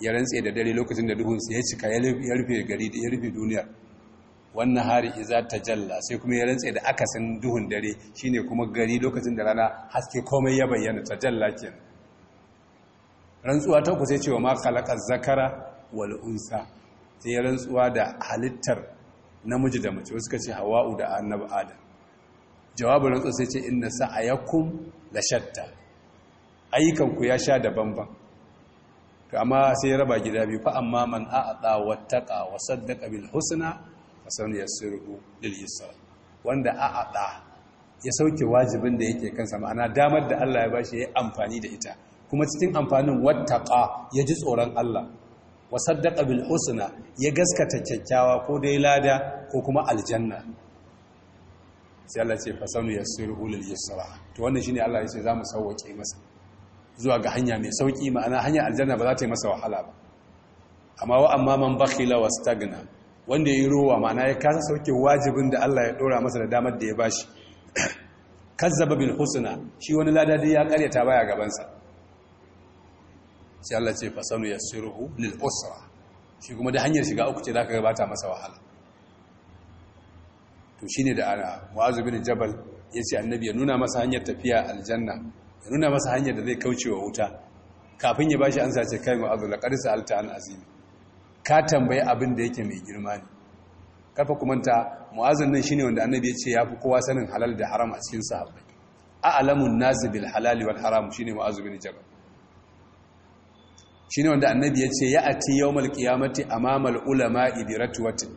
ya rantse da dare lokacin da duhunsa ya cika ya rufe gari da ya rufe duniyar wannan hari iza ta jalla, sai kuma ya rantse da akasin duhun dare shine kuma gari lokacin da rana haske komai ya bayyana ta jalla kenan rantsuwa ta ku sai cewa ma khalaqa zakara wal'unsa unsa sai rantsuwa da halittar namiji da mace wasu ce hawa'u da annabi adam jawabin rantsuwa sai ce inna sa'ayakum la shatta ayyukan ku ya sha daban-ban amma sai ya raba gida biyu fa amma man a'ata wattaqa wa saddaqa bil husna fasanyassiru lil yusra wanda a'ata ya sauke wajibin da yake kansa ma'ana damar da Allah ya bashi ya amfani da ita kuma cikin amfanin wattaqa ya ji tsoron Allah wa saddaka bil husna ya gaskata kyakkyawa ko dai lada ko kuma aljanna sai Allah ce fasanu yassiru lil yusra to wannan shine Allah ya ce zamu sauwake masa zuwa ga hanya mai sauki ma'ana hanya aljanna ba za ta yi masa wahala ba amma wa amma man bakhila wastagna wanda ya yi rowa ma'ana ya kasa sauke wajibin da Allah ya dora masa da damar da ya bashi kazzaba bil husna shi wani lada dai ya karyata baya gabansa sai Allah ce fasanu yassiruhu lil usra shi kuma da hanyar shiga uku ce zaka ga bata masa wahala to shine da ana mu'azu bin jabal yace annabi ya nuna masa hanyar tafiya aljanna ya nuna masa hanyar da zai kauce wa wuta kafin ya bashi ansa ce kai mu'azu laqad sa'alta an azim ka tambaye abin da yake mai girma ne kafa kumanta mu'azin nan shine wanda annabi ya ce ya fi kowa sanin halal da haram a cikin sahabbai a'lamun nas bil halali wal haram shine mu'azu bin jabal Shi ne wanda annabi ya ce ya yau malkiyamati a mamal ulama watin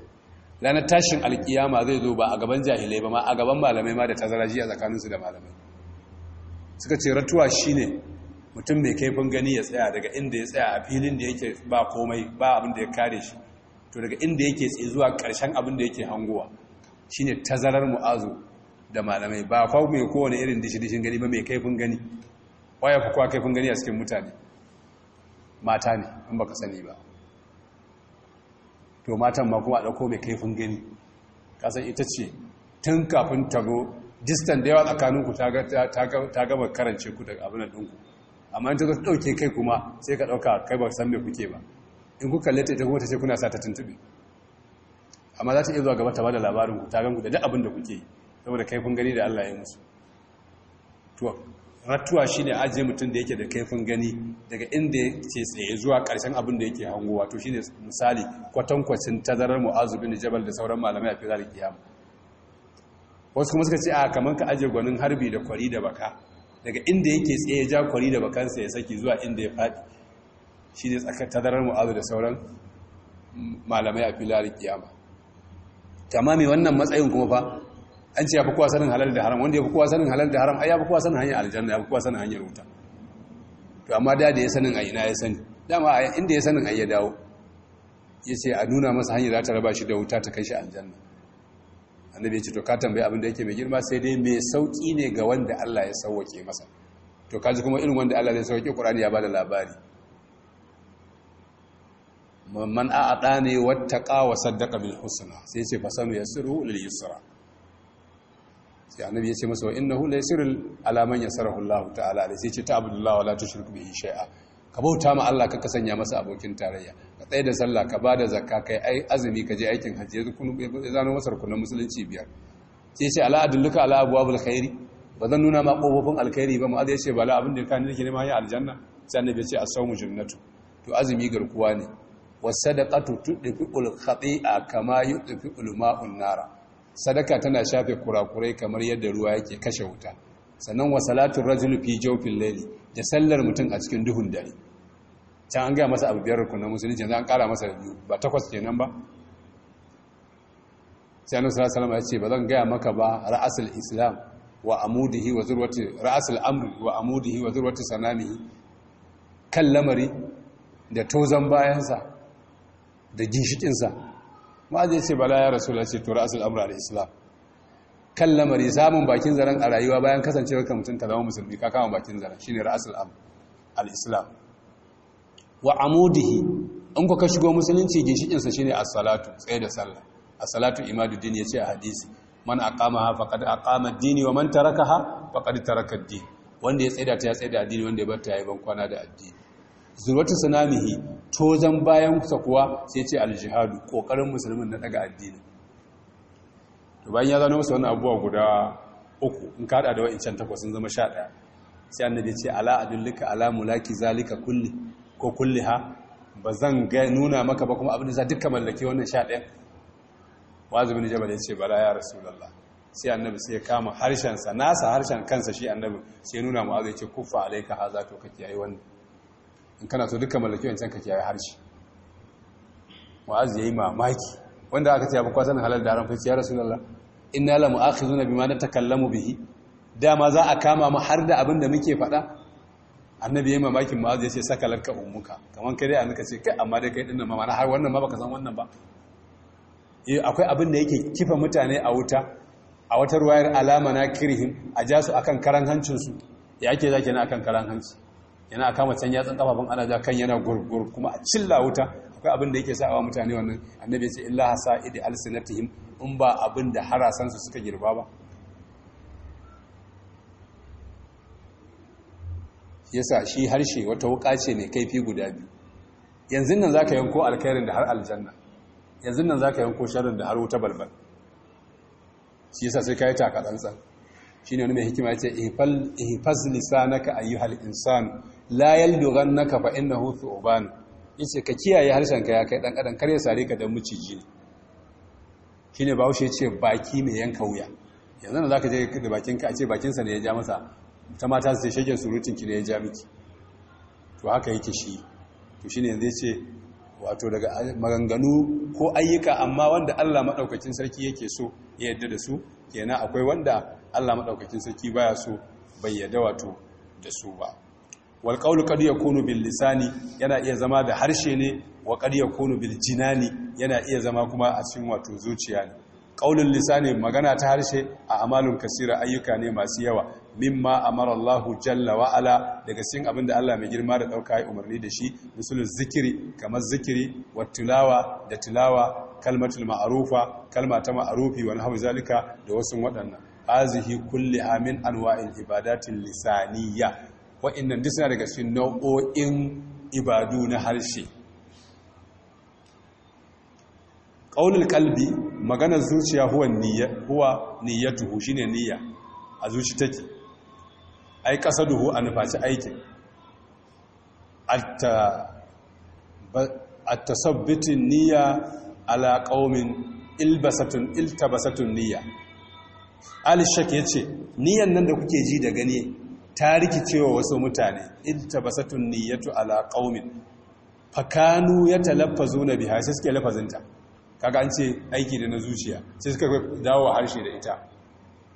ranar tashin alkiyama zai zo ba a gaban jahilai ba ma a gaban malamai ma da zaraji a tsakaninsu da malamai suka ce ratuwa ne mutum mai kaifin gani ya tsaya daga inda ya tsaya a filin da yake ba komai ba abin da ya kare shi to daga inda yake tsaye zuwa ƙarshen abin da yake hangowa ne tazarar mu'azu da malamai ba kwa mai kowane irin dishi-dishin gani ba mai kaifin gani ya fi kowa kaifin gani a cikin mutane mata ne in baka sani ba to matan ma kuma a dauko mai kaifin gani kasan ita ce tun kafin tago distan da yawa tsakaninku ta gaba karance ku da abin ɗinku amma ta zata dauke kai kuma sai ka dauka kai ba san mai kuke ba in ku leta ita kuma ta ce kuna sa ta tuntube amma za ta iya zuwa gaba ta labarinku ta labarin ku ta da duk abin da kuke saboda kaifin gani da allah ya musu rattuwa ne ajiye mutum da yake da kaifin gani daga inda yake tsaye zuwa ƙarshen abin da yake hango wato ne misali kwatankwacin tazarar mu'azu jabal da sauran malamai a fizar kiyama wasu kuma suka ce a kamar ka ajiye gwanin harbi da kwari da baka daga inda yake tsaye ja kwari da bakansa ya saki zuwa inda ya faɗi shi tsakar tazarar mu'azu da sauran malamai a fizar kiyama tamami wannan matsayin kuma fa an ce ya fi kowa sanin halal da haram wanda ya fi kowa sanin halal da haram ai ya fi kowa sanin hanyar aljanna ya fi kowa sanin hanyar wuta to amma da da ya sanin a ina ya sani dama inda ya sanin ai ya dawo ya ce a nuna masa hanyar za ta raba shi da wuta ta kai shi aljanna annabi ya ce to ka tambayi abin da yake mai girma sai dai mai sauki ne ga wanda Allah ya sauwake masa to kaji kuma irin wanda Allah zai sauwake Qur'ani ya ba da labari man a'ata ne wattaqa wa saddaqa bil husna sai ce fasanu yasiru lil yusra sai annabi ya ce masa wa innahu sirri alaman yasarahu Allah ta'ala da sai ce ta abdullah wala tushrik bihi shay'a ka bauta ma Allah ka sanya masa abokin tarayya ka tsaye da sallah ka bada zakka kai ai azumi ka je aikin hajji yanzu ya zano masar kuna musulunci biyar sai ce ala adulluka ala abwabul khairi ba zan nuna ma kofofin alkhairi ba mu'adh ya ce bala abin da kani nake ma ya aljanna sai annabi ya ce as-sawmu jannatu to azumi garkuwa ne was sadaqatu tudfiqul khati'a kama yudfiqul ma'un nara sadaka tana shafe kurakurai kamar yadda ruwa yake kashe wuta sannan wa salatun fi jawfil layli da sallar mutum a cikin duhun dare can an ga masa abu biyar rukunan musulunci yanzu an kara masa da biyu ba takwas kenan ba sai annabi sallallahu alaihi ya ce ba zan gaya maka ba ra'asul islam wa amudihi wa zurwati ra'asul amri wa amudihi wa zurwati kan lamari da tozan bayansa da ginshikinsa ma ya ce bala ya rasu ce tura asul amra da islam kan lamari samun bakin zaren a rayuwa bayan kasancewar ka mutum zama musulmi ka kama bakin zaren shine ra'asul al-islam wa amudihi in ka shigo musulunci ginshikin sa shine as-salatu tsaye da sallah as-salatu ya ce a hadisi man ha faqad a kama dini wa man ha taraka wanda ya tsaida ta ya tsaida addini wanda ya bar ta yi bankwana da addini zurwatu sunamihi tozan bayan kusa kuwa sai ce aljihadu kokarin musulmin na daga addini to bayan ya zano musu wannan abubuwa guda uku in ka hada da wa'incan takwas sun zama sha ɗaya sai annabi ce ala adullika ala mulaki zalika kulli ko kulliha ba zan ga nuna maka ba kuma abin da za duka mallake wannan sha ɗayan wazi bin jabal ya ce bala ya rasulullah sai annabi sai ya kama harshen sa, nasa harshen kansa shi annabi sai nuna mu'azu ya ce kuffa alaika haza to kake yayi wannan in kana so duka mallaki wancan ka kiyaye harshe mu'az yayi mamaki wanda aka ce ya bukwa sanin halal da haram fice ya rasulullah inna la mu'akhizuna bima natakallamu bihi dama za a kama mu har da abinda muke faɗa annabi yayi mamaki mu'az ya ce saka lakka ummuka kaman kai dai annaka ce kai amma dai kai dinnan ma har wannan ma baka san wannan ba eh akwai abinda yake kifa mutane a wuta a wata ruwayar alama na kirihim a jasu akan karan hancinsu ya ake zaki na akan karan hancin. yana kama can yatsan kafafun ana ja kan yana gurgur kuma a cilla wuta akwai abin da yake sa'awa mutane wannan annabi ya ce illa idi alsinatihim in ba abin da harasansu suka girba ba yasa shi harshe wata wuka ce mai kaifi guda biyu yanzu nan zaka yanko alkhairin da har aljanna yanzu nan zaka yanko sharrin da har wuta balbal shi yasa sai kai taka tsantsan shine wani mai hikima yace ihfal ihfaz lisanaka ayyuhal insanu la naka fa innahu thuban yace ka kiyaye harshen ka ya kai dan kadan kar ya sare ka dan miciji ne shine bahaushe yace baki mai yanka wuya yanzu nan zaka je da bakin ka a ce bakin sa ne ya ja masa ta mata su sheke surutin ki ne ya ja miki to haka yake shi to shine yanzu yace wato daga maganganu ko ayyuka amma wanda Allah madaukakin sarki yake so ya yadda da su kenan akwai wanda Allah madaukakin sarki baya so bai yadda wato da su ba wal qawlu qad yakunu bil lisani yana iya zama da harshe ne wa qad yakunu bil jinani yana iya zama kuma a cikin wato zuciya ne qaulul lisani magana ta harshe a amalun kasira ayyuka ne masu yawa mimma amara Allah jalla wa daga cikin abin da Allah mai girma da ɗauka ya umarni da shi misalin zikiri kamar zikiri wa tilawa da tilawa kalmatul ma'arufa kalma ta ma'arufi wa nahwu zalika da wasu waɗannan hazihi kulli amin anwa'il ibadatin lisaniyya wa'annan duk suna daga cikin nau'o'in ibadu na harshe ƙaunar kalbi maganar zuciya huwa niyyatuhu ne niyya a zuci take ai ƙasa duhu a nufaci aikin a tasabbitin niyya ala ƙaumin ilbasatun iltabasatun niyya alishak ya ce niyan nan da kuke ji da gani ta wa wasu mutane idda basatun niyyatu ala qaumin fakanu na biha sai suke lafazinta kaga an ce aiki da na zuciya sai suka dawo harshe da ita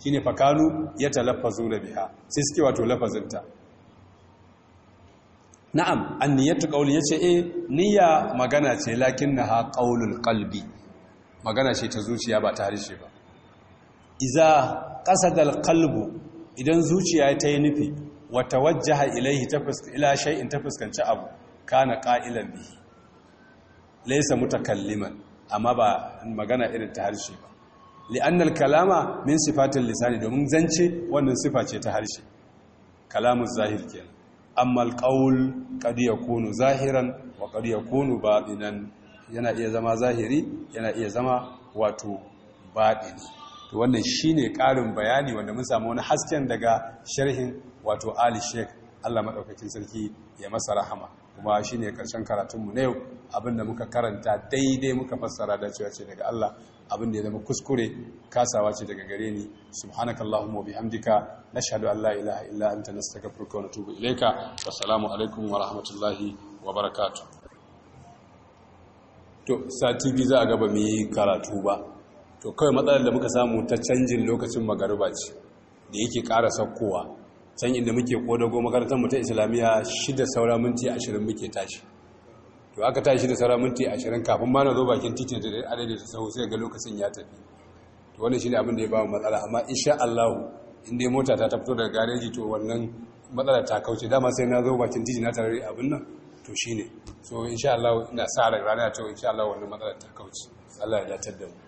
shine fakanu ya na biha sai suke wato lafazinta na'am anniyatu qawli yace eh niyya magana ce lakinnaha qawlul qalbi magana ce ta zuciya ba ta harshe ba iza da qalbu idan zuciya ta yi nufi wata wajja ilaihi ta ila ta fuskanci abu kana ƙa'ilan bihi laysa mutakalliman amma ba magana irin ta harshe ba li'annal kalama min sifatin lisani domin zance wannan sifa ce ta harshe kalamun zahir kenan amma alqaul ya yakunu zahiran wa ya yakunu batinan yana iya zama zahiri yana iya zama wato batini to wannan shine karin bayani wanda mun samu wani hasken daga sharhin wato Ali Sheikh Allah maɗaukakin sarki ya masa rahama kuma shine karshen karatunmu na yau abinda muka karanta daidai muka fassara da cewa ce daga Allah abinda ya zama kuskure kasawa ce daga gare ni subhanakallahumma wa bihamdika nashhadu an la ilaha illa anta nastaghfiruka wa natubu ilayka wassalamu alaikum wa rahmatullahi wa barakatuh to sati biyu za a gaba mu yi karatu ba to kawai matsalar da muka samu ta canjin lokacin magariba ce da yake ƙara saukowa can inda muke kodago makarantar mu ta islamiyya shida saura minti ashirin muke tashi to aka tashi da saura minti ashirin kafin ma na zo bakin titin da adadin ta sahu sai ga lokacin ya tafi to wani shi ne abin da ya bawa matsala amma insha Allah inda mota ta fito daga gareji to wannan matsala ta kauce dama sai na zo bakin titin na tarari abin nan to shine so insha Allah ina sa ranar rana to insha Allah wannan matsala ta kauce Allah ya datar da mu